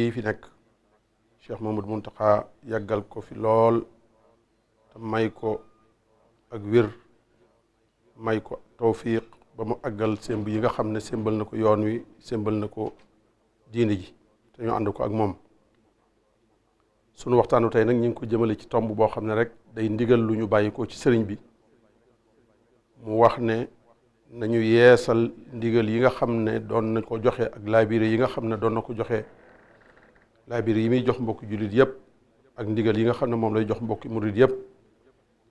yi fi nekk Cheikh Mahmoud Muntaxa yàggal ko fi lool te may ko ak wér may ko tawfiq ba mu àggal sëmb yi nga xam ne sémbal na ko yoon wi sémbal na ko diine ji te ñu ànd ko ak moom sunu waxtaanu tey nag ñu ngi ko jëmale ci tomb boo xam ne rek day ndigal lu ñu bàyyi ko ci sëriñ bi mu wax ne nañu yeesal ndigal yi nga xam ne doon na ko joxe ak laabire yi nga xam ne doon na ko joxe laabir yi muy jox mbokki jullit yëpp ak ndigal yi nga xam ne moom lay jox mbokki murit yëpp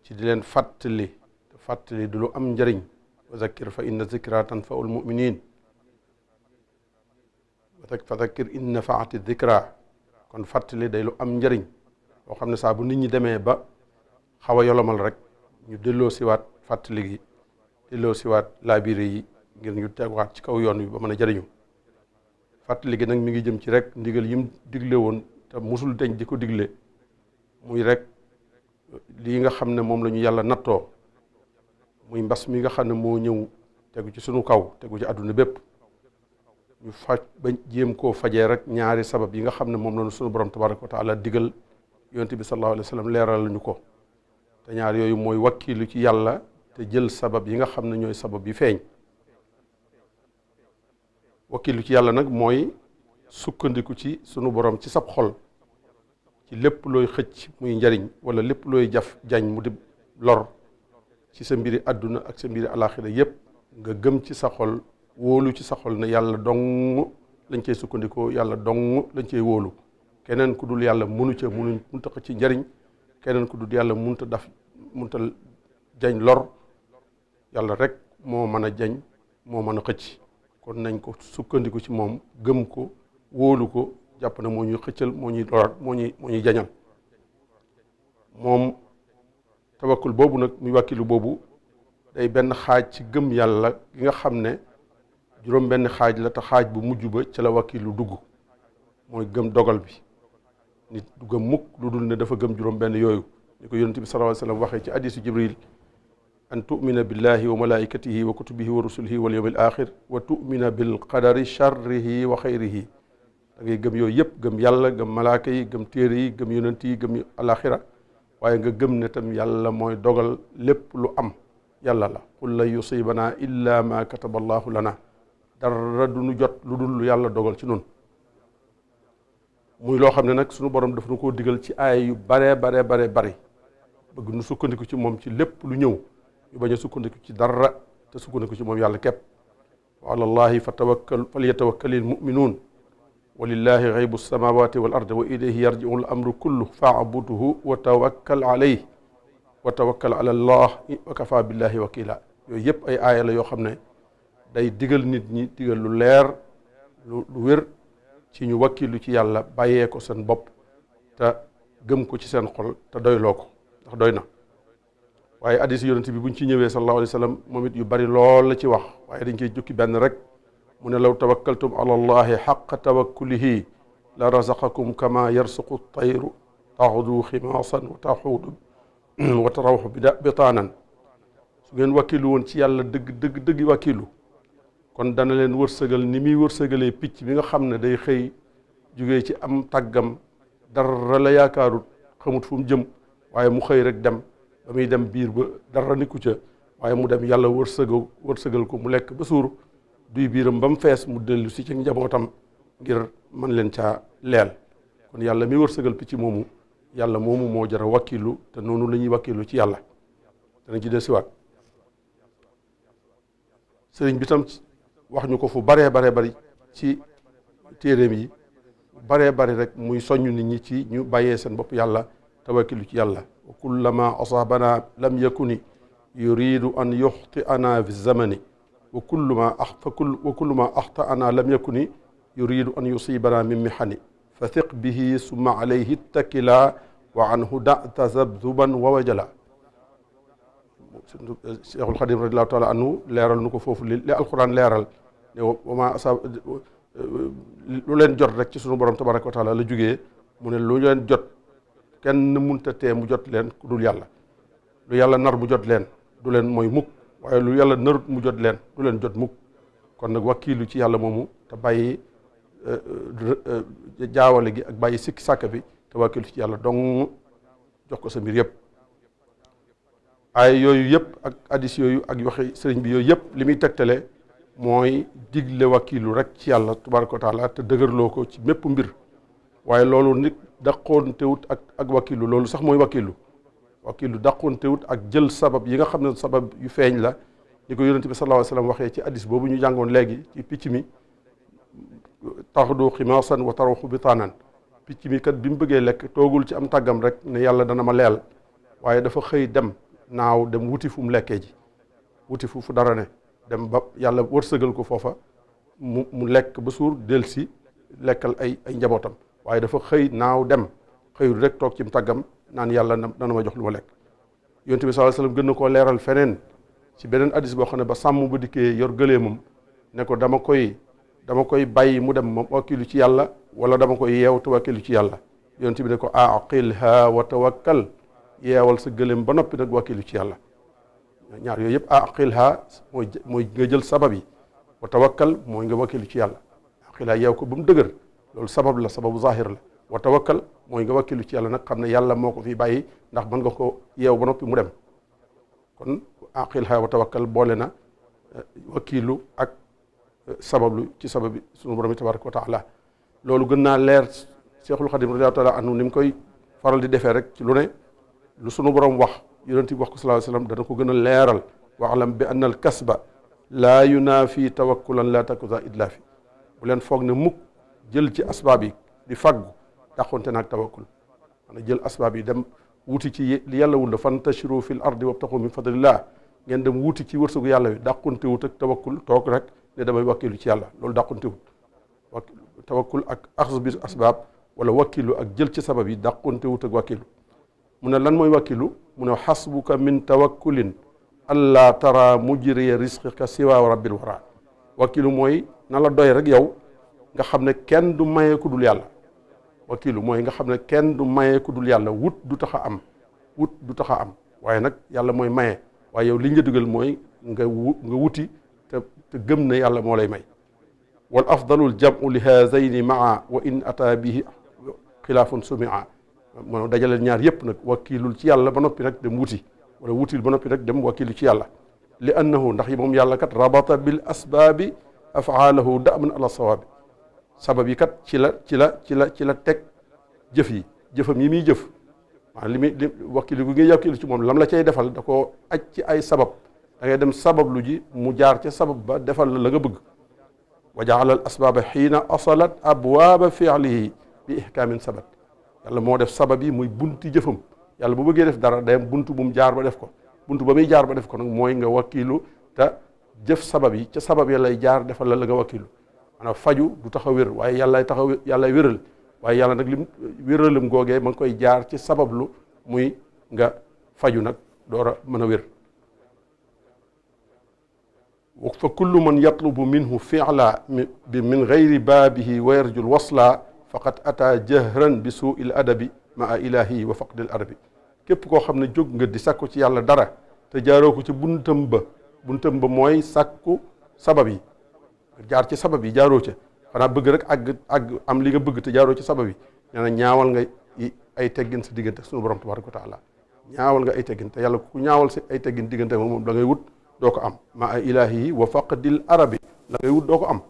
ci di leen fàttali te fàttali du lu am njariñ wa zakkir fa inna zikra tanfaul muminin fa zakkir in nafaati zikra kon fàttali day lu am njariñ boo xam ne saa bu nit ñi demee ba xaw a yolomal rek ñu delloo siwaat fàttali gi delloo siwaat laabire yi ngir ñu tegwaat ci kaw yoon wi ba mën a jariñu fàttali gi nag mu ngi jëm ci rek ndigal yim digle woon te mosul deñ di ko digle muy rek lii nga xam ne moom lañu yàlla nattoo muy mbas mi nga xam ne moo ñëw tegu ci sunu kaw tegu ci àdduna bépp ñu faj ba jéem koo fajee rek ñaari sabab yi nga xam ne moom la ñu sunu borom tabaraka wa taala digal yonent bi sallallahu alayhi wa sallam leeral lañu ko te ñaar yooyu mooy wakkilu ci yàlla te jël sabab yi nga xam ne ñooy sabab yi feeñ wakkilu ci yàlla nag mooy sukkandiku ci sunu borom ci sab xol ci lépp looy xëcc muy njariñ wala lépp looy jaf jañ mu di lor ci sa mbiri àdduna ak sa mbiri alaaxira yépp nga gëm ci sa xol wóolu ci sa xol ne yàlla dong lañ cey sukkandikoo yàlla dong lañ cey wóolu keneen ku dul yàlla mënu ca mënu munta ci njariñ keneen ku dul yàlla munta daf muntal jañ lor yàlla rek moo mën a jañ moo mën a xëcc kon nañ ko sukkandiku ci moom gëm ko wóolu ko jàpp na moo ñuy xëccal moo ñuy loraat moo ñuy moo ñuy jañal moom tawakkul boobu nag muy wàkkilu boobu day benn xaaj ci gëm yàlla gi nga xam ne juróom benn xaaj la te xaaj bu mujj ba ci la wàkkilu dugg mooy gëm dogal bi nit du gëm mukk lu dul ne dafa gëm juróom benn yooyu ni ko yonent bi sallallahu alayhi wasallam waxee ci hadiisu Jibril an tumina billahi wa malaikatihi wa kutubihi wa rusulihi wal yawmil axir wa tumina bil qadari charrihi wa xayrihi da ngay gëm yooyu yëpp gëm yàlla gëm malaaka yi gëm téere yi gëm yonent yi gëm alaxira waaye nga gëm ne tam yàlla mooy dogal lépp lu am yàlla la qul la yusibanaa illa ma kataba lana dara du nu jot lu dul lu yàlla dogal ci noonu muy loo xam ne nag sunu borom daf nu koo digal ci aay yu baree baree baree bari bëgg nu sukkandiku ci moom ci lépp lu ñëw yu bañ a sukkandiku ci dara te ko ci moom yàlla képp wa ala allahi fa tawakkal fal yatawakkali l muminuun wa lillahi xaybu samawati wal ard wa ilayhi yarjiu l amru kullu faabudhu wa tawakkal alayh wa tawakkal ala allah wa kafa billahi wakila yooyu yëpp ay aaya yoo xam ne day digal nit ñi digal lu leer lu wér ci ñu wakkilu ci yàlla bàyyee ko seen bopp te gëm ko ci seen xol te doyloo ko ndax doy na waaye addis yonent bi buñ ci ñëwee sallallahu alayhi wa sallam moom it yu bari lool la ci wax waaye dañ koy jukki benn rek mu ne law tawakkaltum ala allahi xaqa tawakkulihi la razaqakum kama yarsuqu tayru taxudu ximaasan wa taxudu wa tarawxu bitaanan su ngeen wakkilu woon ci yàlla dëgg dëgg dëgg wakkilu kon dana leen wërsëgal ni muy wërsëgalee picc bi nga xam ne day xëy jugee ci am tàggam dara la yaakaarut xamut fu jëm waaye mu xëy rek dem ba muy dem biir ba dara nekku ca waaye mu dem yàlla wërsëgal wërsëgal ko mu lekk ba suur duy biiram ba mu fees mu dellu si ci njabootam ngir mën leen caa leel kon yàlla mi wërsëgal picc moomu yàlla moomu moo jar a te noonu lañuy ñuy ci yàlla danañ ci desiwaat sëriñ bi tam wax ñu ko fu baree baree bari ci téeréem yi baree bari rek muy soññ nit ñi ci ñu bàyyee seen bopp yàlla te wakkilu ci yàlla wa kullama asaabanaa lam yakuni yuridu an yuxti'anaa fi zamani wa kulluma wa kulluma axta'anaa lam yakuni yuridu an yusiibanaa min mihani fa thiq bihi summa alayhi ittakilaa wa anhu da tazabzuban wa wajala Cheikhul Xadim radiyallaahu taala anhu leeral nu ko foofu li li alquran leeral ne wa maa asaab lu leen jot rek ci sunu borom tabaraka wa taala la jógee mu ne lu leen jot kenn munta te mu jot leen ku dul yàlla lu yàlla nar mu jot leen du leen mooy mukk waaye lu yàlla narut mu jot leen du leen jot mukk kon nag wakkiilu ci yàlla moomu te bàyyi euh, euh, euh, jaawale gi ak bàyyi sikki sàkk bi te wakkiilu ci yàlla dong jox ko sa mbir yëpp ay yooyu yëpp ak addis yooyu ak waxi sëriñ bi yooyu yëpp li muy tegtale mooy digle wakkiilu rek ci yàlla tabaaraka wa taala te dëgërloo ko ci mépp mbir waaye loolu nit daqoontewut ak ak wakilu loolu sax mooy wakilu wakilu daqoontewut ak jël sabab yi nga xam ne sabab yu feeñ la ni ko yonente bi sallallahu alayhi wasallam waxee ci addis boobu ñu jàngoon léegi ci picc mi taxdu ximaasan wa bi bitaanan picc mi kat bi mu bëggee lekk toogul ci am tàggam rek ne yàlla dana ma leel waaye dafa xëy dem naaw dem wuti fu mu lekkee ji wuti fu fu dara ne dem ba yàlla wërsëgal ko foofa mu mu lekk ba suur delsi lekkal ay ay njabootam waaye dafa xëy naaw dem xëyul rek toog ci mu tàggam naan yàlla na dana ma jox lu ma lekk yonent bi sallallahu alayhi gën na koo leeral feneen ci beneen hadis boo xam ne ba sàmm ba dikkee yor gëleemam ne ko dama koy dama koy bàyyi mu dem ma wakkilu ci yàlla wala dama koy yeew te wakkilu ci yàlla yonent bi ne ko aqilha wa tawakkal yeewal sa gëleem ba noppi nag wakkilu ci yàlla ñaar yooyu yëpp aqilha mooy mooy nga jël sabab yi wa tawakkal mooy nga wakkilu ci yàlla aqilha yeew ko ba mu dëgër loolu sabab la sababu zahir la wa tawakkal mooy nga wakkilu ci yàlla nag xam ne yàlla moo ko fi bàyyi ndax mën nga ko yeew ba noppi mu dem kon aqilha wa tawakkal boole na eh, wakkilu ak eh, lu ci sababi sunu borom tabaraka wa taala loolu gën naa leer Seexul Xadim koy faral di defee rek ci lu ne lu sunu borom wax yonent bi wax ko sallallahu alayhi dana ko gën a leeral waalam bi an al kasba laa yunaafi tawakkulan laa takusa idlaafi bu leen foog ne mukk jël ci asbaab yi di faggu dàqonte naag tawakkul maanaam jël asbaab yi dem wuti ci li yàlla wunda fantashiru fil ardi wabtaqu min fadlillah ngeen dem wuti ci wërsëgu yàlla wi dàqonte wut ak tawakkul toog rek ne damay wakkilu ci yàlla loolu dàqonte wut wa tawakkul ak axz bi wala wakkilu ak jël ci sabab yi dàqonte wut ak wakkilu mu ne lan mooy wakkilu mu ne xasbuka min tawakkulin allaa tara mujriya risqika siwa rabbil wara wakkilu mooy na la doy rek yow nga xam ne kenn du maye ku dul yàlla nga xam ne kenn du maye ku dul yàlla wut du tax a am wut du tax a am waaye nag yàlla mooy maye waaye yow li ñu dugal mooy nga nga wuti te te gëm ne yàlla moo lay may wal afdalul jamu li haazayni maa wa in ata bihi xilaafun sumia maanaam dajaleel ñaar yëpp nag wakiilul ci yàlla ba noppi nag dem wuti wala wutil ba noppi nag dem wakiilu ci yàlla li annahu ndax yi moom yàlla kat rabata bil asbaabi afaalahu daman ala sawaabi sabab yi kat ci la ci la ci la ci la teg jëf yi jëfam yi muy jëf maanaam li muy li wakkilu gi ngay yàkkilu ci moom lam la cay defal da koo aj ci ay sabab da ngay dem sabab lu ji mu jaar ca sabab ba defal la la nga bëgg wa jaala al asbaaba xiina asalat abwaaba fialihi bi ihkaamin sabat yàlla moo def sabab yi muy bunti jëfam yàlla bu bëggee def dara day bunt buntu bu jaar ba def ko bunt ba muy jaar ba def ko nag mooy nga wakkilu te jëf sabab yi ca sabab ya lay jaar defal la la nga maanaam faju du tax a waaye yàllaay tax a yàllaay waaye yàlla nag lim wéralam googee ma ngi koy jaar ci sabablu muy nga faju nag door a mën a wér fa kullu man yatlubu minhu fi'la bi min gayri baabihi wa yarjul wasla faqad ata jahran bi suu il adabi maa ilahi wa faqdil arabi képp koo xam ne jóg nga di sàkku ci yàlla dara te jaaroo ko ci buntam ba buntam ba mooy sàkku sabab yi jaar ci sabab yi jaaroo ca xanaa bëgg rek àgg àgg am li nga bëgg te jaaroo ci sabab yi nee na ñaawal nga ay teggin sa diggante suñu borom tabaraka wa taala ñaawal nga ay teggin te yàlla ñaawal sa ay teggin diggante moom la ngay wut doo ko am ma ay ilaahi yi wa faqdil arabi la ngay wut doo ko am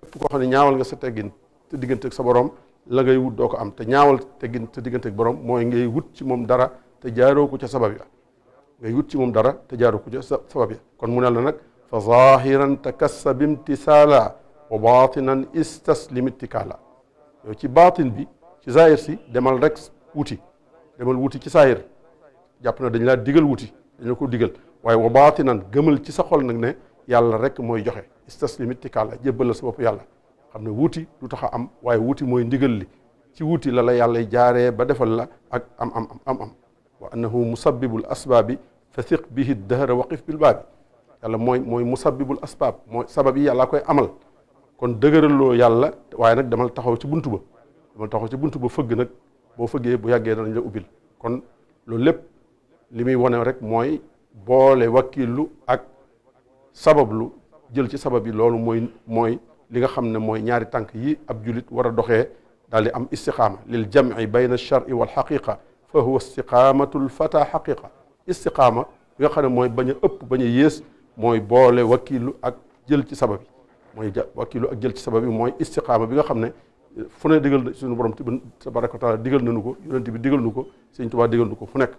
képp koo xam ne ñaawal nga sa teggin te sa borom la ngay wut doo ko am te ñaawal teggin te diggante borom mooy ngay wut ci moom dara te jaaroo ko ca sabab ya ngay wut ci moom dara te jaaroo ko ca sabab ya kon mu ne la nag fa zahiran takassa bi imtisaala wa batinan istaslim itikaala yow ci baatin bi ci zahir si demal rek wuti demal wuti ci zahir jàpp na dañ la digal wuti dañ la ko digal waaye wa batinan gëmal ci sa xol nag ne yàlla rek mooy joxe istaslim itikaala jébbal la sa bopp yàlla xam ne wuti du tax am waaye wuti mooy ndigal li ci wuti la la yàlla jaaree ba defal la ak am am am am wa annahu musabbibul bi fasiq bihi dahra waqif bilbaabi yàlla mooy mooy musabbibul asbaab mooy sabab yi yàlla koy amal kon dëgëraloo yàlla waaye nag demal taxaw ci buntu ba demal taxaw ci buntu ba fëgg nag boo fëggee bu yàggee danañ la ubbil kon loolu lépp li muy wane rek mooy boole lu ak sabablu jël ci sabab yi loolu mooy mooy li nga xam ne mooy ñaari tànk yi ab julit war a doxee daal di am istiqaama lil jamci bayna alchari wal xaqiqa fa huwa istiqaamatu lfata xaqiqa istiqaama li nga xam ne mooy bañ ëpp bañ a yées mooy boole wakiilu ak jël ci sabab yi mooy wakiilu ak jël ci sabab yi mooy istiqaama bi nga xam ne fu ne digal na suñu borom tabaraka wa taala digal nañu ko yonent bi digal nu ko sëñ Tuubaa digal nu ko fu nekk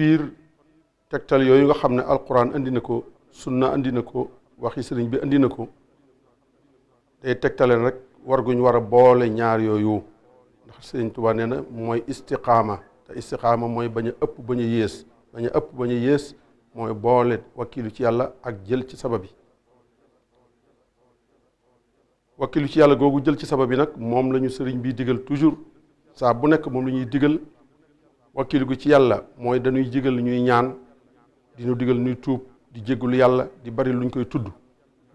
biir tegtal yooyu nga xam ne alquran indi na ko sunna andi na ko waxi sëriñ bi indi na ko day tegtale rek war guñ war a boole ñaar yooyu ndax sëriñ Tuubaa nee na mooy istiqaama te istiqaama mooy bañ ëpp bañ a yées bañ ëpp bañ a yées mooy boole wakkilu ci yàlla ak jël ci saba yi wakkilu ci yàlla googu jël ci sabab bi nag moom la sëriñ bi digal toujours saa bu nekk moom la digal wakkil ko ci yàlla mooy dañuy jigal ñuy ñaan dinu digal ñuy tuub di jégalu yàlla di bari luñ koy tudd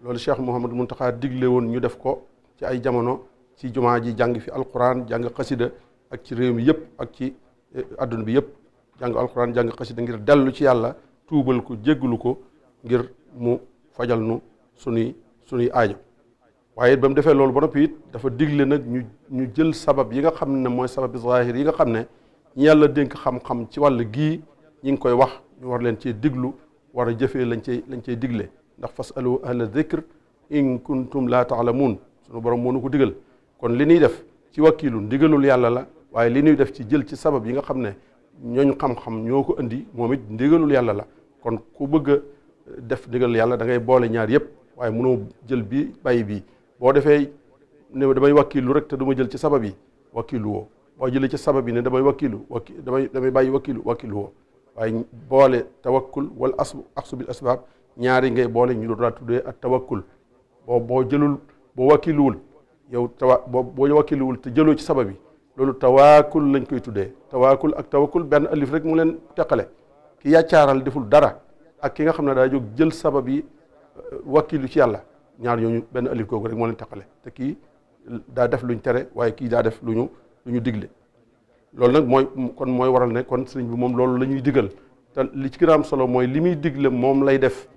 loolu Cheikh mun Mountakha digle woon ñu def ko ci ay jamono ci jumaa ji jàng fi alxuraan jàng xasida ak ci réew mi yëpp ak ci eh, adduna bi yëpp jàng alquran jàng xasida ngir dellu ci yàlla tuubal ko jégalu ko ngir mu fajal nu sunuy sunuy aajo waaye ba mu defee loolu ba noppi dafa digle nag ñu ñu jël sabab yi nga xam ne mooy sabab zahir yi nga xam ne ñi yàlla dénk xam-xam ci wàll gii ñu ngi koy wax ñu war leen cee diglu war a jëfee lañ cey lañ cey digle ndax fasalu ahla dikr in kuntum laa taalamuun sunu borom moo nu ko digal kon li ñuy def ci wakkiilu ndigalul yàlla la waaye li ñuy def ci jël ci sabab yi nga xam ne ñooñ xam-xam ñoo ko indi moom it ndigalul yàlla la kon ku bëgg a def ndigal yàlla da ngay boole ñaar yëpp waaye mënoo jël bi bàyyi bii boo defee ne damay wakkiilu rek te duma jël ci sabab yi wakkiilu boo jëlee ci sabab yi ne damay wakkilu wakki damay damay bàyyi wakkilu wakkilu woo waaye boole tawakkul wala as axsu bil asbaab ñaari ngay boole ñu doon tuddee ak tawakkul boo jëlul boo wakkiluwul yow tawa boo boo wakkiluwul te jëlul ci sabab yi loolu tawaakul lañ koy tuddee tawaakul ak tawakkul benn alif rek mu leen teqale ki yàccaaral deful dara ak ki nga xam ne daa jóg jël sabab yi euh, wakkilu ci yàlla ñaar ñooñu benn alif googu rek moo leen teqale te kii daa def luñ tere waaye kii daa def lu ñu lu ñu digle loolu nag mooy kon mooy waral ne kon sëriñ bi moom loolu la ñuy digal te li ci gën am solo mooy li muy digle moom lay def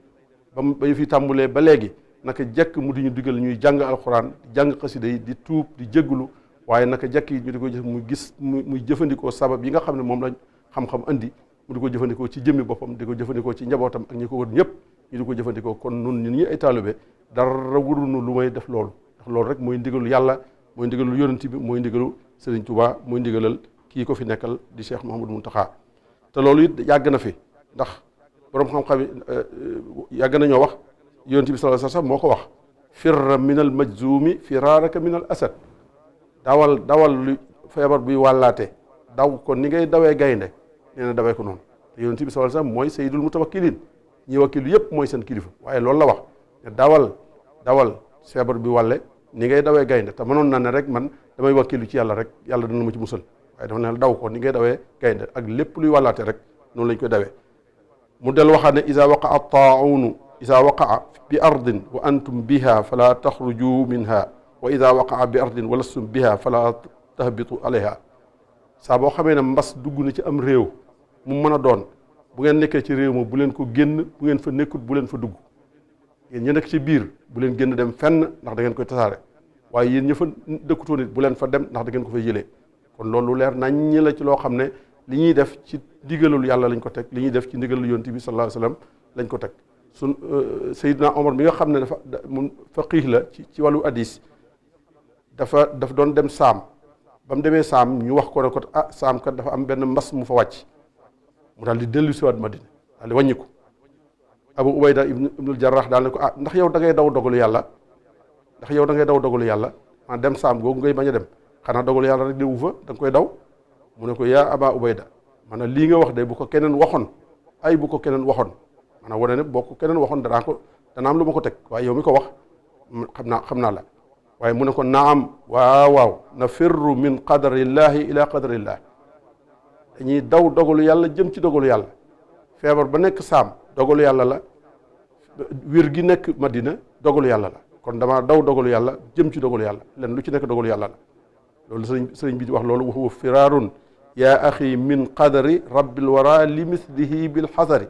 ba ba ñu fi tàmbulee ba léegi naka jekk mu di ñu digal ñuy jàng alxuraan jàng xasida yi di tuub di jégglu waaye naka jekk yi ñu di ko jëf mu gis muy jëfandikoo sabab yi nga xam ne moom lañ xam-xam andi mu di ko jëfandikoo ci jëmmi boppam di ko jëfandikoo ci njabootam ak ñi ko wër ñëpp ñu di ko jëfandikoo kon nun ñun ñi ay taalibe dara wurunu lu may def loolu loolu rek mooy ndigalu yàlla mooy ndigalu yonent bi mooy ndigalu Serigne Touba muy ndigalal kii ko fi nekkal di Cheikh Mouhamadou Mountakha te loolu it yàgg na fi ndax boroom xam-xam yi euh, euh, yàgg nañoo wax yonent bi sallallahu alayhi wasallam moo ko wax firra minal majzumi firaaraka minal asad dawal dawal lu feebar buy wàllaate daw ko ni ngay dawee gaynde nee na dawee ko noonu te yonent bi sallallahu alayhi wasallam mooy sayyidul mutawakkilin ñi yëpp mooy seen kilifa waaye loolu la wax ne dawal dawal feebar bi wàlle ni ngay dawee gaynde te mënoon na ne rek man damay wakkilu ci yàlla rek yàlla dana ma ci musal waaye dafa ne daw ko ni ngay dawee gaynde ak lépp luy wàllaate rek noonu lañ koy dawee mu del waxaat ne isa waqaa taawunu isa a bi ardin wa antum biha fala taxruju minha wa ida waqaa bi ardin wa lastum biha fala tahbitu alayha saa boo xamee ne mbas dugg na ci am réew mu mën a doon bu ngeen nekkee ci réew ma bu leen ko génn bu ngeen fa nekkut bu leen fa dugg yéen ñu nekk ci biir bu leen génn dem fenn ndax da ngeen koy tasaare waaye yéen ña fa dëkkutoon it bu leen fa dem ndax dangeen ko fa yëlee kon loolu leer nañ la ci loo xam ne li ñuy def ci ndigalul yàlla lañ ko teg li ñuy def ci ndigalul yonent bi sallallahu alayhi wasallam lañ ko teg sun euh, Seydina Omar bi nga xam ne dafa mun faqih la ci ci wàllu hadis dafa daf doon dem saam ba mu demee saam ñu wax ko ne ah saam kat dafa am benn mbas mu fa wàcc mu daal di dellu siwaat Madina daal di wàññi ko abu ubayda ibnul jarrah daal ne ko ah ndax yow da daw dogalu yàlla ndax yow da ngay daw dogalu yàlla man dem saam googu ngay bañ a dem xanaa dogalu yàlla rek diwu fa da koy daw mu ne ko yaa aba ubayda maanaam lii nga wax de bu ko keneen waxoon ay bu ko keneen waxoon maanaam wane ne boo ko keneen waxoon danaa ko dana am lu ma ko teg waaye yow mi ko wax xam naa xam naa la waaye mu ne ko naam waaw waaw na firru min qadarillahi ila qadarillah dañuy daw dogalu yàlla jëm ci dogalu yàlla feebar wiir gi nekk Madina dogalu yàlla la kon dama daw dogalu yàlla jëm ci dogalu yàlla len lu ci nekk dogalu yàlla loolu sëriñ sëriñ bi wax loolu waxuwa firaarun yaa axi min qadari rabbil wara li mislihi bil xasari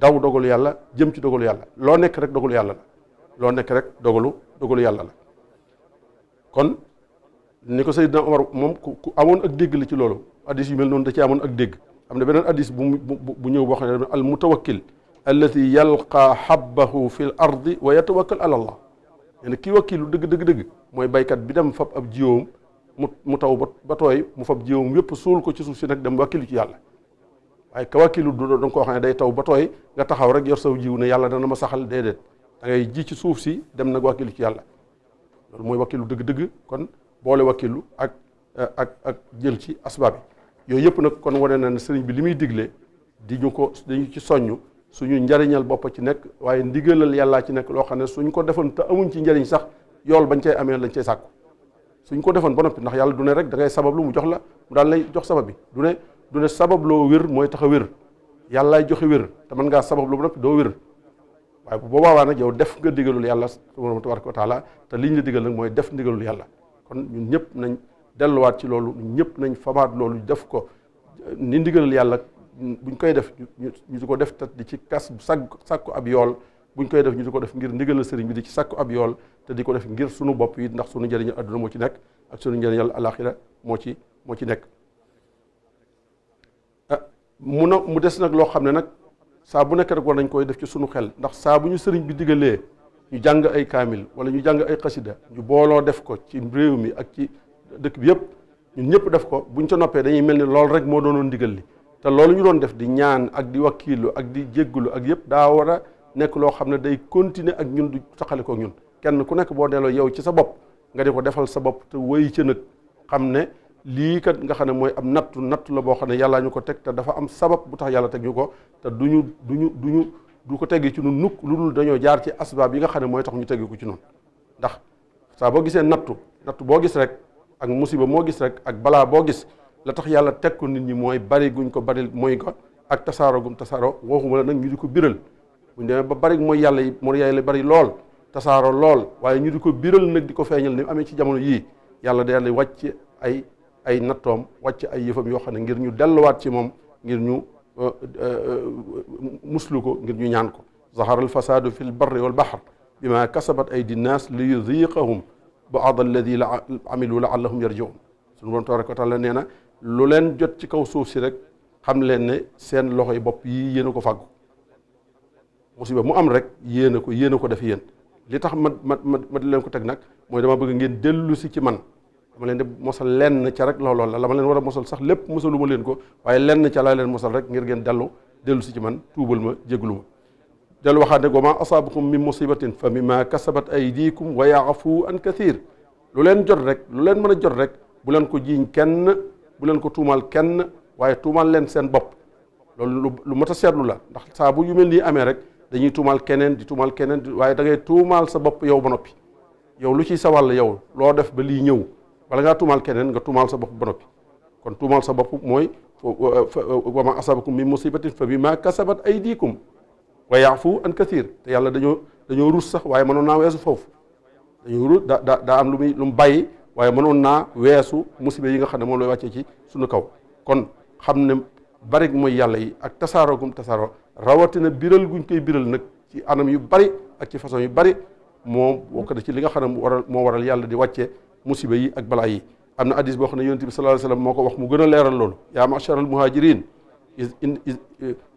daw dogalu yàlla jëm ci dogalu yàlla loo nekk rek dogalu yàlla loo nekk rek dogalu dogalu yàlla la kon ni ko Seydina Omar moom ku amoon ak dégg la ci loolu addis yu mel noonu da ci amoon ak dégg am na beneen addis bu bu ñëw boo xam ne al allati yalqa xabbahu fi l ardi wa yatawakkal ala allah nee na kii wakkiilu dëgg dëgg dëgg mooy baykat bi dem fab ab jiwam mu mu taw ba tooy mu fab jiwam yépp suul ko ci suuf si nag dem wakkilu ci yàlla waaye ka wakkilu du doon koo xam ne day taw ba tooy nga taxaw rek yor saw jiw ne yàlla dana ma saxal déedéet da ngay ji ci suuf si dem nag wakkilu ci yàlla loolu mooy wakkilu dëgg dëgg kon boole wakkilu ak ak jël ci asbaab yi yooyu yëpp nag kon wane na ne sëriñ bi li muy digle di ko dañu ci soññ suñu njariñal bopp ci nekk waaye ndigalal yàllaa ci nekk loo xam ne suñ ko defoon te amuñ ci njariñ sax yool bañ cay amee lañ cay sàkku suñ ko defoon ba noppi ndax yàlla du ne rek dangay ngay sabab lu mu jox la mu daal lay jox sabab bi du ne du ne sabab loo mooy tax a wér yàllaay joxe wér te mën ngaa sabab lu ba noppi doo wér waaye bu boobaa nag yow def nga digalul yàlla subhanahu tabaraka wa taala te liñ la digal nag mooy def ndigalul yàlla kon ñëpp nañ delluwaat ci loolu ñëpp nañ fabaat loolu def ko ni ndigalul yàlla bu ñu koy def ñu di ko def te di ci kas sàkku sàkku ab yool buñ koy def ñu di ko def ngir ndigalal sëriñ bi di ci sàkku ab yool te di ko def ngir sunu bopp yi ndax sunu njëriñal adduna moo ci nekk ak sunu njëriñal alaxira moo ci moo ci nekk ah, mu mu des nag loo xam ne nag saa bu nekk rek nañ koy def ci sunu xel ndax saa bu ñu sëriñ bi digalee ñu jàng ay kaamil wala ñu jàng ay xasida ñu booloo def ko ci réew mi ak ci dëkk bi yëpp ñun ñëpp def ko buñ ca noppee dañuy mel ni loolu rek moo doonoon ndigal li te loolu ñu doon def di ñaan ak di wakkiilu ak di jéggulu ak yëpp daa war a nekk loo xam ne day continuer ak ñun du taxale ko ñun kenn ku nekk boo delloo yow ci sa bopp nga di ko defal sa bopp te wéy ca nag xam ne lii kat nga xam ne mooy am nattu nattu la boo xam ne yàllaa ñu ko teg te dafa am sabab bu tax yàlla teg ñu ko te duñu duñu duñu du ko teggi ci ñun nukk lu dañoo jaar ci asbaab yi nga xam ne mooy tax ñu teggi ko ci ñun ndax saa boo gisee nattu nattu boo gis rek ak musiba moo gis rek ak balaa boo gis la tax yàlla teg ko nit ñi mooy bari guñ ko bari mooy ko ak tasaaro gum tasaaro waxuma la nag ñu di ko biral buñ demee ba bari mooy yàlla yi mooy yàlla bari lool tasaaro lool waaye ñu di ko biral nag di ko feeñal ni amee ci jamono yii yàlla day wàcc ay ay nattoom wàcc ay yëfam yoo xam ne ngir ñu waat ci moom ngir ñu euh, euh, muslu ko ngir ñu ñaan ko zahara al fasadu fi l barri wal bahr bima kasabat aydi nnaas li yudiqahum baad alladi amilu laallahum yarjiun suñu borom tabaraka wa taala nee na lu leen jot ci kaw suuf si rek xam leen ne seen loxo yi bopp yi yéen a ko fàggu musiba mu am rek yéen a ko yéen a ko def yéen li tax mat mat ma leen ko teg nag mooy dama bëgg ngeen dellu si ci man dama leen di mosal lenn ca rek looloo la la ma leen war a mosal sax lépp mosalu ma leen ko waaye lenn ca laa leen mosal rek ngir ngeen dellu dellu si ci man tuubal ma jéglu ma dellu waxaat ne wa maa asaabakum min musibatin fa mimmaa kasabat aydiikum wa ya'fu fu kathir lu leen jot rek lu leen mën a jot rek bu leen ko jiiñ kenn bu leen ko tuumaal kenn waaye tuumaal leen seen bopp loolu lu mat a seetlu la ndax saa bu yu mel nii amee rek dañuy tuumaal keneen di tuumaal keneen waaye da ngay tuumaal sa bopp yow ba noppi yow lu ci sa wàll yow loo def ba lii ñëw bala ngaa tuumaal keneen nga tuumaal sa bopp ba kon tuumaal sa bopp mooy wa ma asabakum min musibatin fa bi ma kasabat aydikum wa yaafu an kathir te yàlla dañoo dañoo ruus sax waaye mënoon naa weesu foofu dañoo ruus da daa waaye mënoon naa weesu musibe yi nga xam ne moom lay wàccee ci suñu kaw kon xam ne bari mooy yàlla yi ak tasaaroo gum tasaaroo rawatina biral guñ koy biral nag ci anam yu bari ak ci façon yu bari moo bokk na ci li nga xam ne waral moo waral yàlla di wàccee musibe yi ak balaa yi am na hadis boo xam ne yonent bi sallallahu alayhi moo ko wax mu gën a leeral loolu yaa masharal muhajirin eh,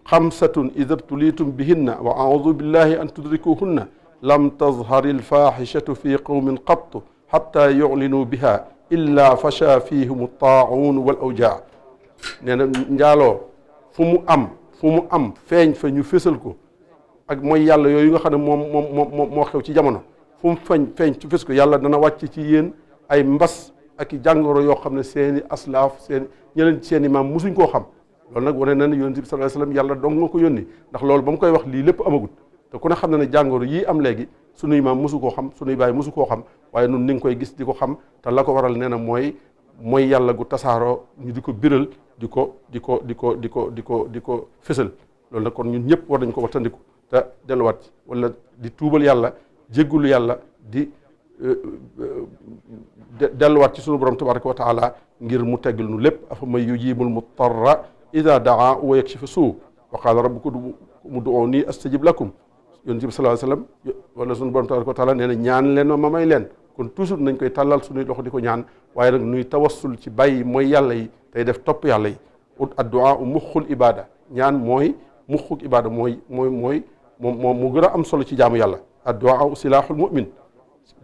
xamsatun idabtulitum bihinna wa audu billahi an tudrikuhunna lam tazharil faaxishatu fi qawmin qattu xatta yuclinu biha illa fasha fihum wa wal awjaa nee na njaaloo fu mu am fu mu am feeñ fa ñu fésal ko ak mooy yàlla yooyu nga xam ne moom moom moom moo xew ci jamono fu mu feeñ feeñ ci fés ko yàlla dana wàcce ci yéen ay mbas ak i jàngoro yoo xam ne seeni aslaaf seen ñeneen seen i maam musuñ koo xam loolu nag wane na ne yonent bi sallallahu alayhi wasallam yàlla dong nga ko yónni ndax lool ba mu koy wax lii lépp amagut te ku ne xam na ne jàngoro yii am léegi sunuy maam musu koo xam sunuy baay musu koo xam waaye nun ni nga koy gis di ko xam te la ko waral nee na mooy mooy yàlla gu tasaaroo ñu di ko biral di ko di ko di ko di ko di ko di ko fësal loolu nag kon ñun ñëpp war nañ ko wattandiku te delluwaat ci walla di tuubal yàlla jéggulu yàlla di euh, euh, delluwaat ci sunu borom tabaraka wa taala ngir mu teggal nu lépp a fa may yujibul mutarra ida daa wa fa suu wa qaala rabbukum ud'uuni astajib lakum yonent bi sallallahu alayhi wa sallam wala sunu borom tabaraka wa taala nee na ñaan leen ma may leen kon toujours nañ koy tàllal suñuy loxo di ko ñaan waaye nag nuy tawassul ci bàyyi mooy yàlla yi tey def topp yàlla yi ut addu'a u muxul ibada ñaan mooy muxuk ibaada mooy mooy mooy moom moom mu gën a am solo ci jaamu yàlla addu'a u silaaxul mu'min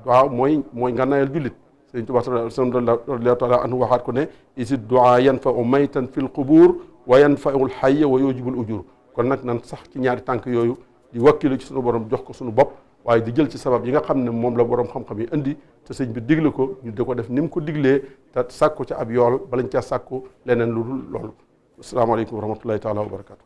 du'a mooy mooy ngànnaayal jullit sëriñ Tuubaa radiyallaahu taala anhu waxaat ko ne isi du'a yanfa'u maytan fil qubur wa yanfa'u al hayya wa yujibul ujur kon nag nan sax ci ñaari tànk yooyu di wakkilu ci sunu borom jox ko suñu bopp waaye di jël ci sabab yi nga xam ne moom la borom xam-xam yi indi te sëñ bi digle ko ñu di ko def ni mu ko digle te sàkku ca ab yool balañ caa sàkku leneen lu dul lool asalaamaaleykum wa rahmatullahi taala wa barakatu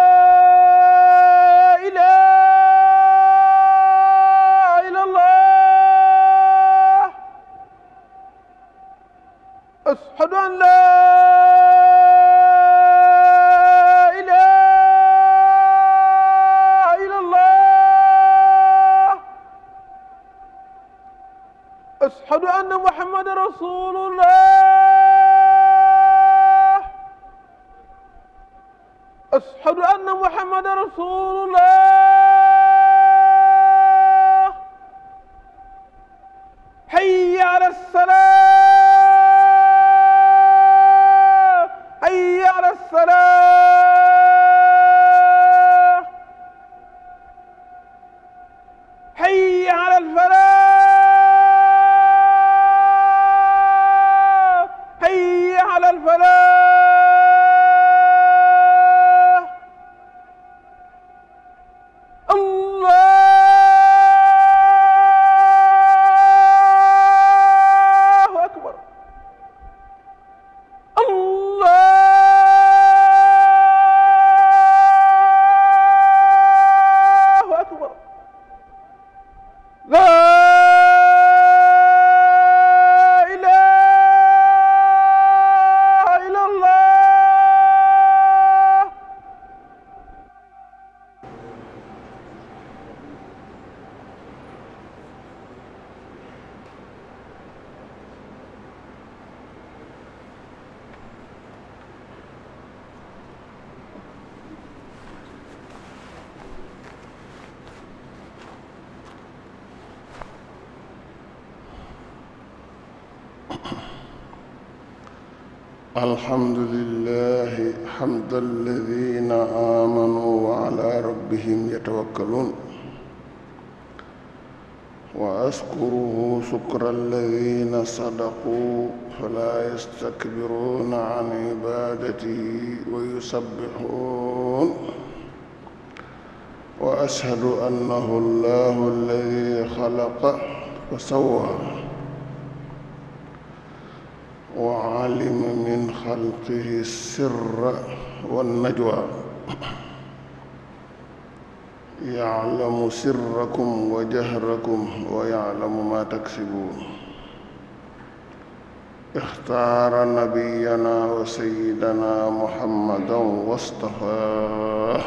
أشهد أن لا الحمد لله حمد الذين آمنوا وعلى ربهم يتوكلون وأشكره شكر الذين صدقوا فلا يستكبرون عن عبادته ويسبحون وأشهد أنه الله الذي خلق وسوى xalqihi sirra wan najwa yaclamu sirrakum wa jahrakum wa yaclamu ma taksibuun ixtaara nabiyana wa sayyidana muhammadan wastafaa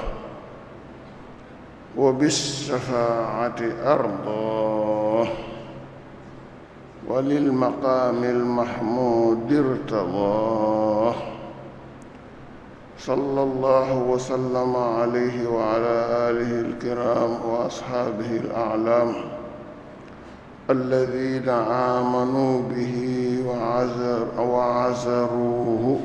wa bishafaacati ardaa wa lilmaqaami almahmuudi irtadaa الله صلى الله وسلم عليه وعلى آله الكرام وأصحابه الأعلام الذين آمنوا به وعزر وعزروه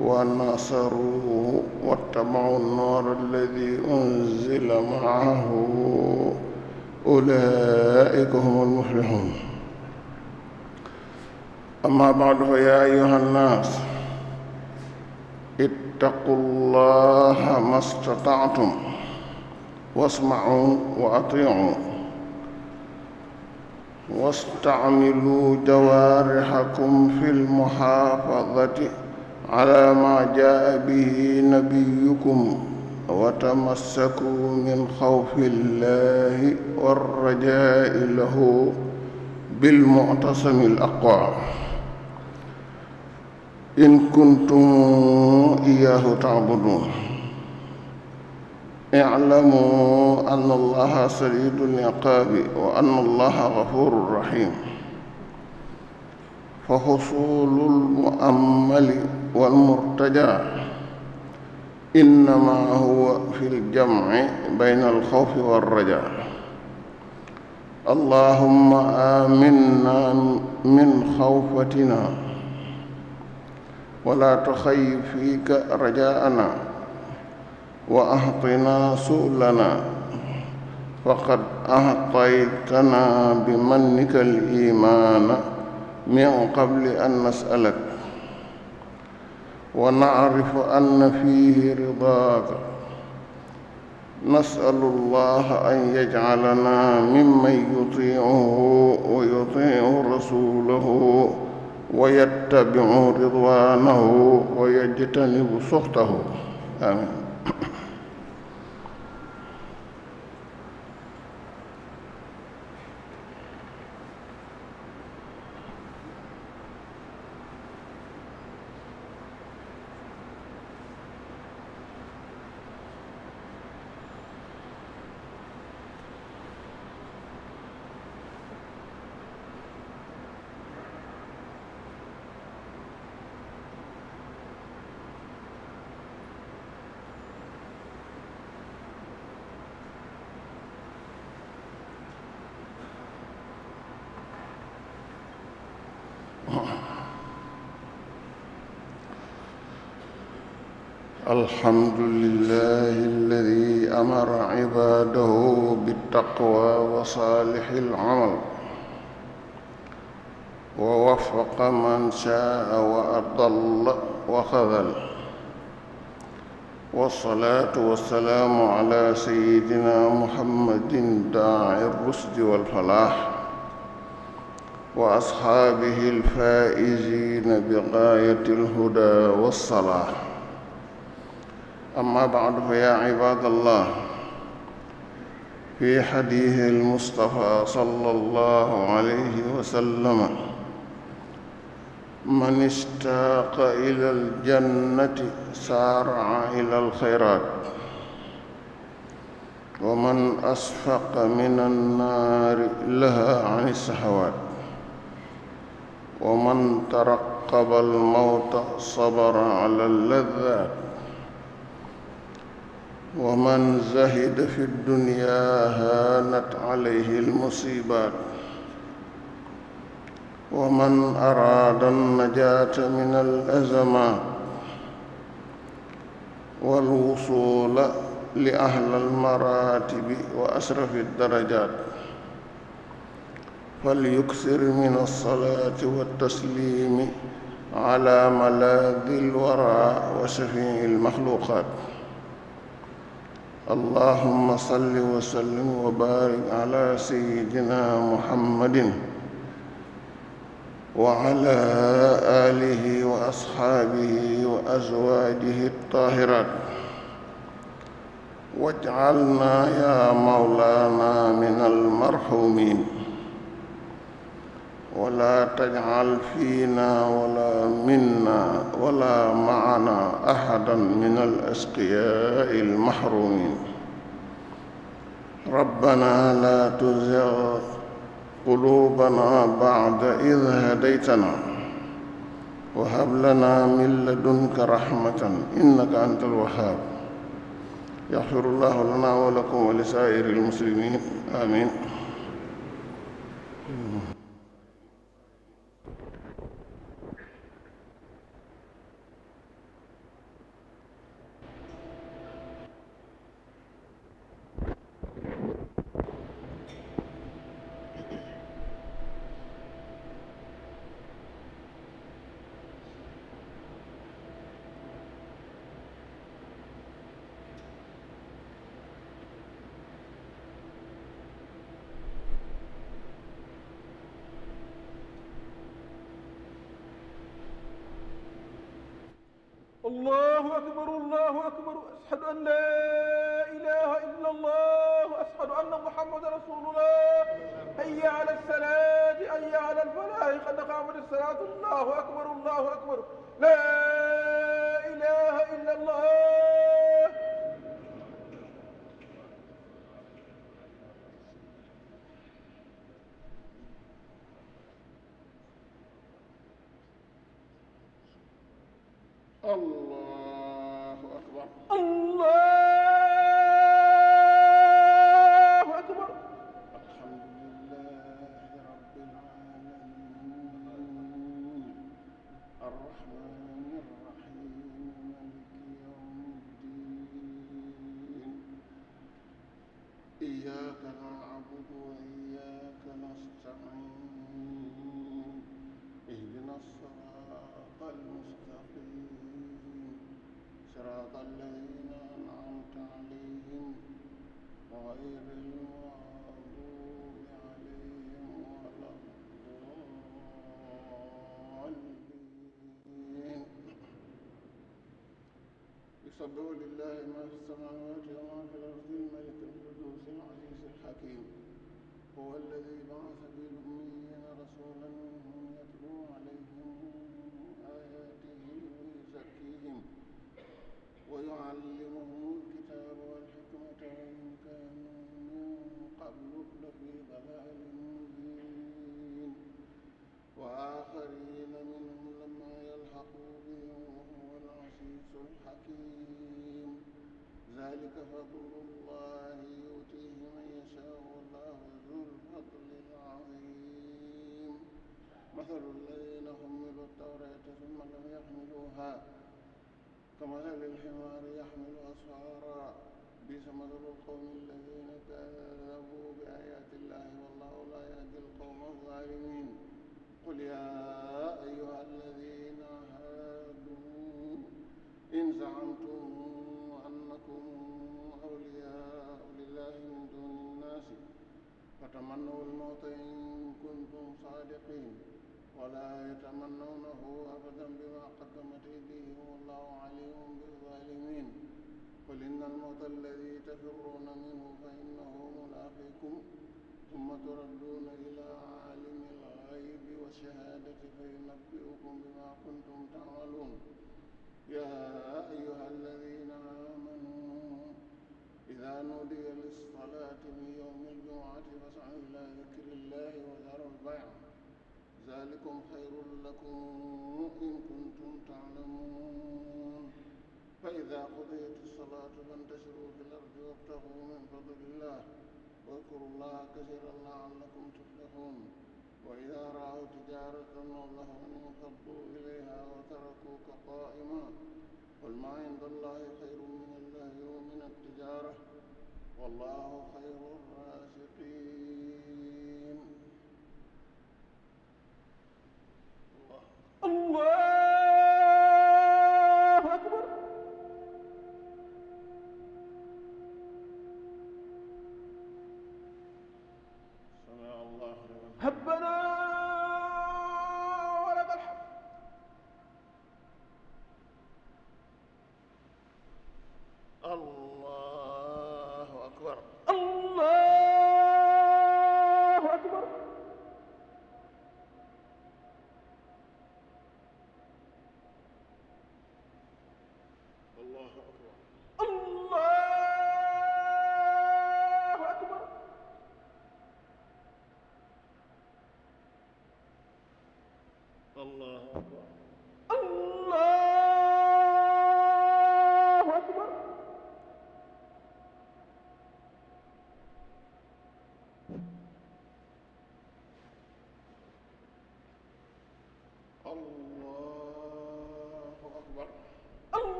ونصروه واتبعوا النور الذي أنزل معه أولئك هم المفلحون أما بعد فيا أيها الناس اتقوا الله ما استطعتم واسمعوا وأطيعوا واستعملوا جوارحكم في المحافظة على ما جاء به نبيكم وتمسكوا من خوف الله والرجاء له بالمعتصم الأقوى in kuntum iyaahu taabudun i'lamu anna allaha shadidul iqaabi wa anna allaha ghafurur rahim fa husulul mu'ammali wal murtaja innama huwa fil jam'i bayna al khawfi war raja allahumma aminna min khawfatina ولا تخيب فيك رجاءنا وأعطنا سؤلنا فقد أعطيتنا بمنك الإيمان من قبل أن نسألك ونعرف أن فيه رضاك نسأل الله أن يجعلنا ممن يطيعه ويطيع رسوله wa yattabiu ridwanahu wa yajtanibu suxtahu amin الحمد لله الذي امر عباده بالتقوى وصالح العمل ووفق من شاء واضل وخذل والصلاه والسلام على سيدنا محمد داعي الرشد والفلاح واصحابه الفائزين بغايه الهدى والصلاح أما بعد فيا عباد الله في حديث المصطفى صلى الله عليه وسلم من اشتاق إلى الجنة سارع إلى الخيرات ومن أسفق من النار لها عن السحوات ومن ترقب الموت صبر على اللذات ومن زهد في الدنيا هانت عليه المصيبات ومن أراد النجاة من الأزمات والوصول لأهل المراتب وأشرف الدرجات فليكثر من الصلاة والتسليم على ملاذ الورى وشفيع المخلوقات اللهم صل وسلم وبارك على سيدنا محمد وعلى آله وأصحابه وأزواجه الطاهرات واجعلنا يا مولانا من المرحومين ولا تجعل فينا ولا منا ولا معنا احدا من الاشقياء المحرومين ربنا لا تزغ قلوبنا بعد اذ هديتنا وهب لنا من لدنك رحمه انك انت الوهاب يغفر الله لنا ولكم ولسائر المسلمين امين allahu akbar allahu akbar ashhadu an la ilaha illa allah ashhadu anna muhammadan rasulullah hayya ala salaati hayya ala alfalaah qad qaamat salaatu allahu akbar allahu akbar سبح لله ما في السماوات وما في الأرض الملك القدوس العزيز الحكيم ما عند الله خير من الله ومن التجارة والله خير الرازقين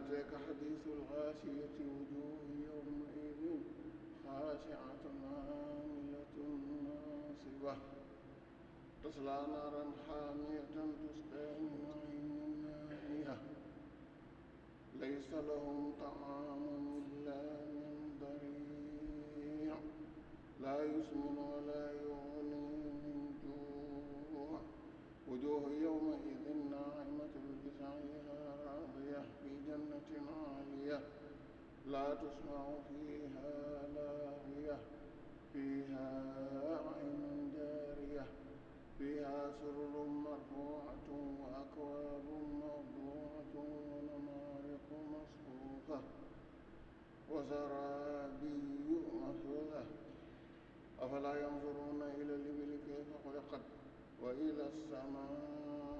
أتاك حديث الغاشية وجوه يومئذ خاشعة عاملة ناصبة تصلى نارا حامية تسقى من عين آنية ليس لهم طعام إلا من ضريع لا يسمن ولا لا تسمع فيها لاغية فيها عين دارية فيها سرر مرفوعة وأكواب موضوعة ونمارق مصفوفة وزرابي مبثوثة أفلا ينظرون إلى الإبل كيف خلقت وإلى السماء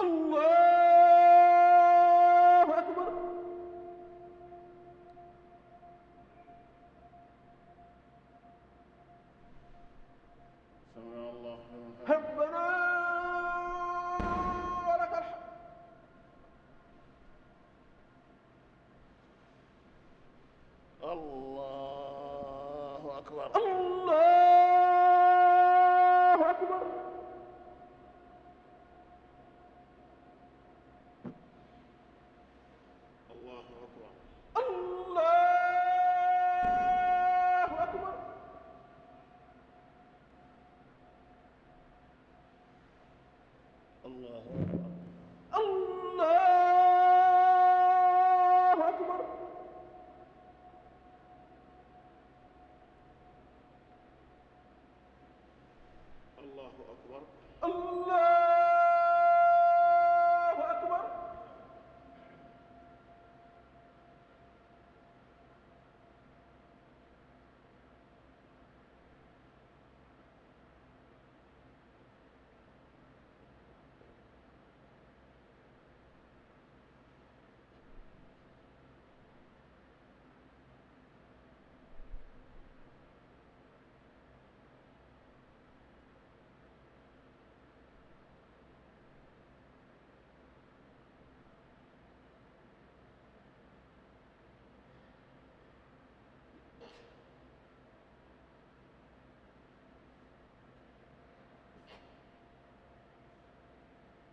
Allah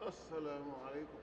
assalaamu aleykum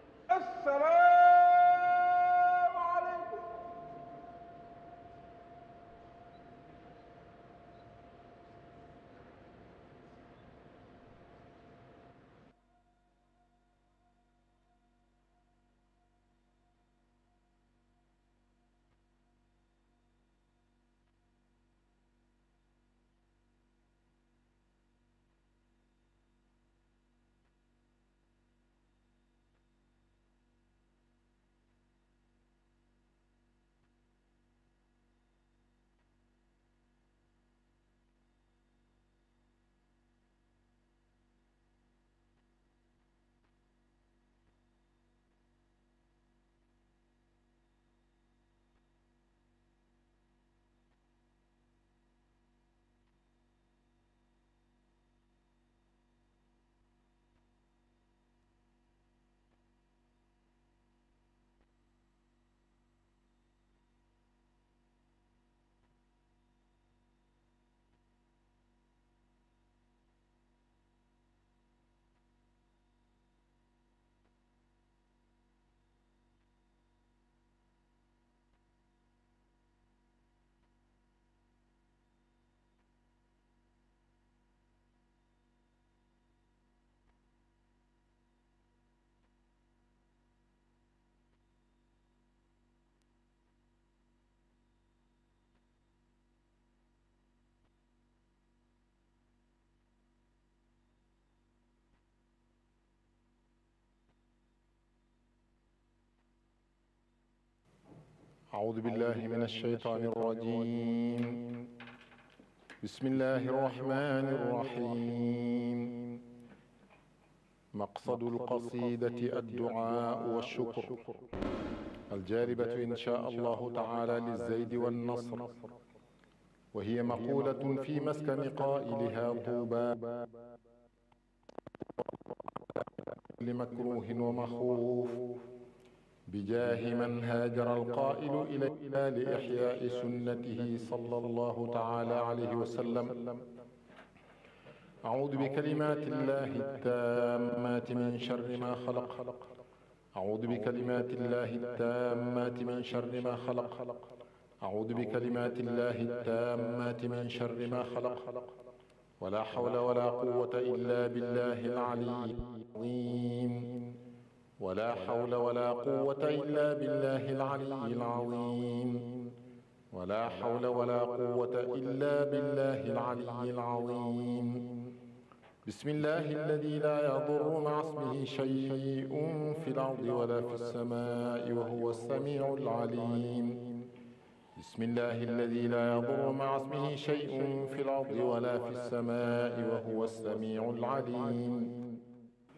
أعوذ بالله من الشيطان الرجيم بسم الله الرحمن الرحيم مقصد القصيدة الدعاء والشكر الجاربة إن شاء الله تعالى للزيد والنصر وهي مقولة في مسكن قائلها طوبى لمكروه ومخوف bijaahi man haajara alqaa'ilu ilayna li ixyaai sunnatihi sallallahu taala alayhi wa sallam audu bi kalimaati llahi taammaati min charri maa xalaq audu bi kalimaati llahi taammaati min charri maa xalaq audu bi kalimaati llahi taammaati min charri maa xalaq wala xawla wala quwwata illa billahi al-aliyyi al-aziim ولا حول ولا قوة إلا بالله العلي العظيم ولا حول ولا قوة إلا بالله العلي العظيم بسم الله الذي لا يضر مع اسمه شيء في الأرض ولا في السماء وهو السميع العليم بسم الله الذي لا يضر مع اسمه شيء في الأرض ولا في السماء وهو السميع العليم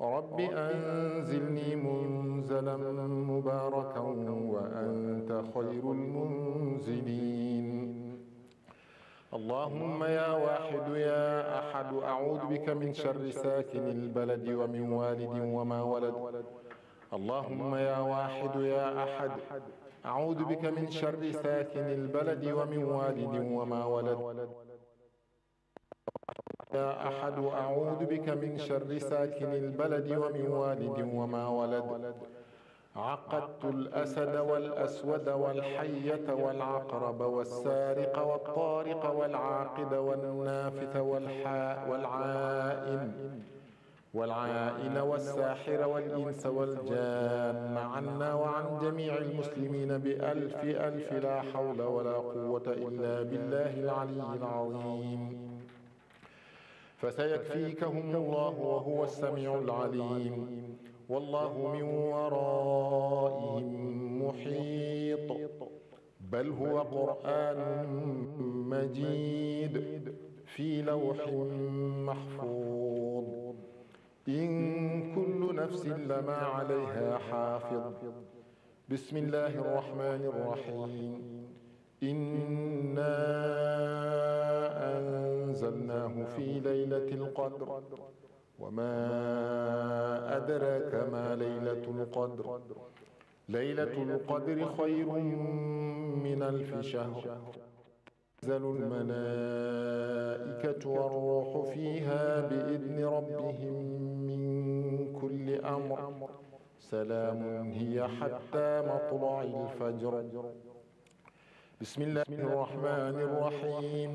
رب أنزلني منزلا مباركا وأنت خير المنزلين اللهم يا واحد يا أحد أعوذ بك من شر ساكن البلد ومن والد وما ولد اللهم يا واحد يا أحد أعوذ بك من شر ساكن البلد ومن والد وما ولد يا أحد أعوذ بك من شر ساكن البلد ومن والد وما ولد عقدت الأسد والأسود والحية والعقرب والسارق والطارق والعاقد والنافث والحاء والعائن والعائن والساحر والإنس والجان عنا وعن جميع المسلمين بألف ألف لا حول ولا قوة إلا بالله العلي العظيم فسيكفيكهم الله وهو السميع العليم والله من ورائهم محيط بل هو قرآن مجيد في لوح محفوظ إن كل نفس لما عليها حافظ بسم الله الرحمن الرحيم إنا أن أنزلناه في ليلة القدر وما أدراك ما ليلة القدر ليلة القدر خير من ألف شهر تنزل الملائكة والروح فيها بإذن ربهم من كل أمر سلام هي حتى مطلع الفجر بسم الله الرحمن الرحيم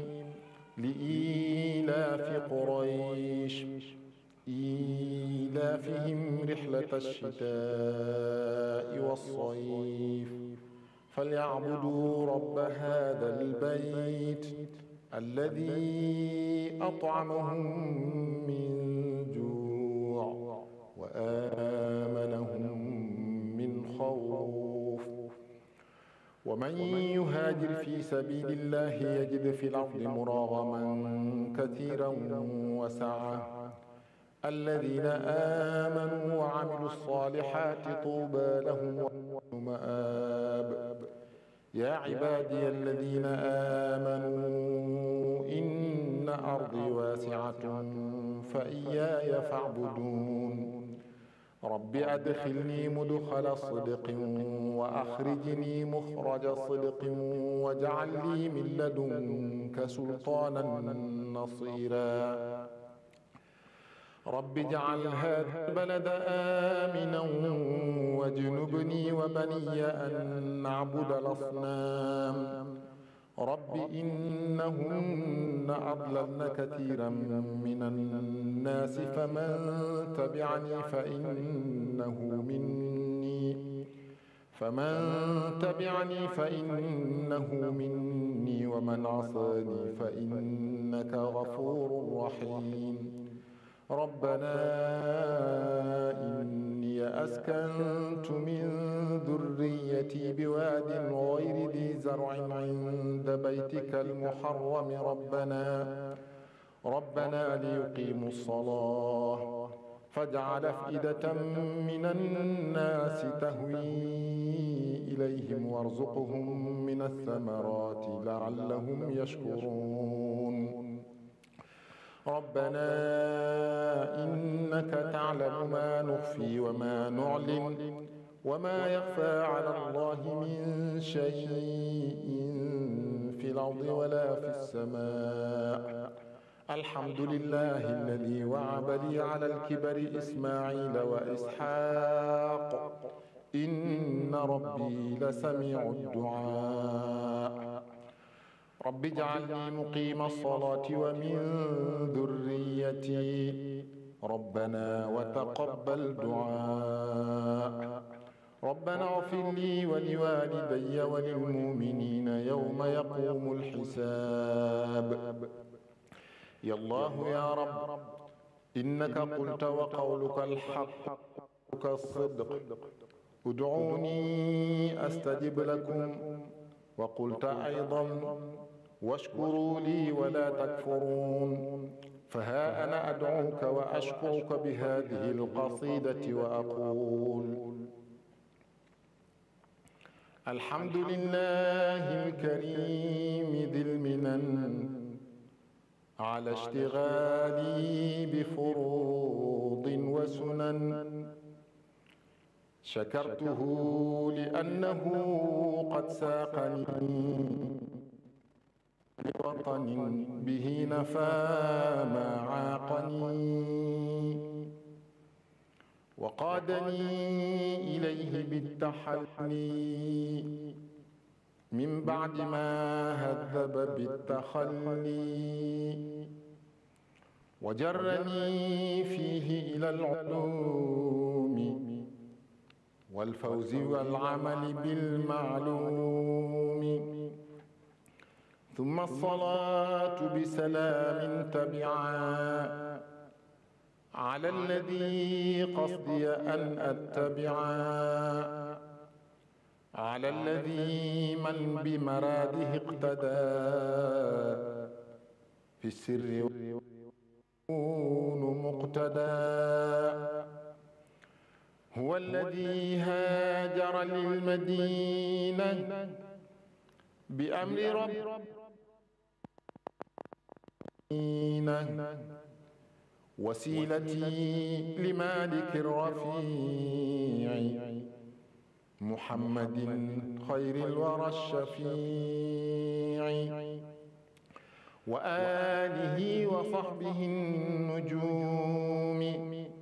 لإيلاف قريش إيلافهم رحلة الشتاء والصيف فليعبدوا رب هذا البيت الذي أطعمهم من جوع وآمنهم ومن يهاجر في سبيل الله يجد في الأرض مراغما كثيرا وسعة الذين آمنوا وعملوا الصالحات طوبى لهم ومآب يا عبادي الذين آمنوا إن أرضي واسعة فإياي فاعبدون rabbi adxilni mudxala sidqin wa axrijni muxraja sidqin waj'al li min ladunka sultaanan nasiira rabbi ja'al haadha al-balada aaminan wajnubnii wa baniya an na'buda al-asnaam رب إنهن أضللن كثيرا من الناس فمن تبعني فإنه مني فمن تبعني فإنه مني ومن عصاني فإنك غفور رحيم ربنا أسكنت من ذريتي بواد غير ذي زرع عند بيتك المحرم ربنا ربنا ليقيموا الصلاة فاجعل أفئدة من الناس تهوي إليهم وارزقهم من الثمرات لعلهم يشكرون ربنا إنك تعلم ما نخفي وما نعلن وما يخفى على الله من شيء في الأرض ولا في السماء الحمد لله الذي وهب لي على الكبر إسماعيل وإسحاق إن ربي لسميع الدعاء rabbi ij'alni muqiima salaati wa min durriyyati rabbana wa taqabbal du'aa rabbana ighfir lii wa liwaalidayya wa lilmu'miniina yawma yaquumul hisaab yaa Allaahu yaa rabb innaka qulta wa qawlukal haqqu sidqun ud'uunii astajib lakum wa qulta aydan واشكروا لي ولا تكفرون فها أنا أدعوك وأشكرك بهذه القصيدة وأقول الحمد لله الكريم ذي المنن على اشتغالي بفروض وسنن شكرته لأنه قد ساقني لوطن به نفى ما عاقني وقادني إليه بالتحلي من بعد ما هذب بالتخلي وجرني فيه إلى العلوم والفوز والعمل بالمعلوم ثم الصلاة بسلام تبعا على الذي قصدي أن أتبعا على الذي من بمراده اقتدى في السر يكون مقتدى هو الذي هاجر للمدينة بأمر رب وسيلتي لمالك الرفيع محمد خير الورى الشفيع وآله وصحبه النجوم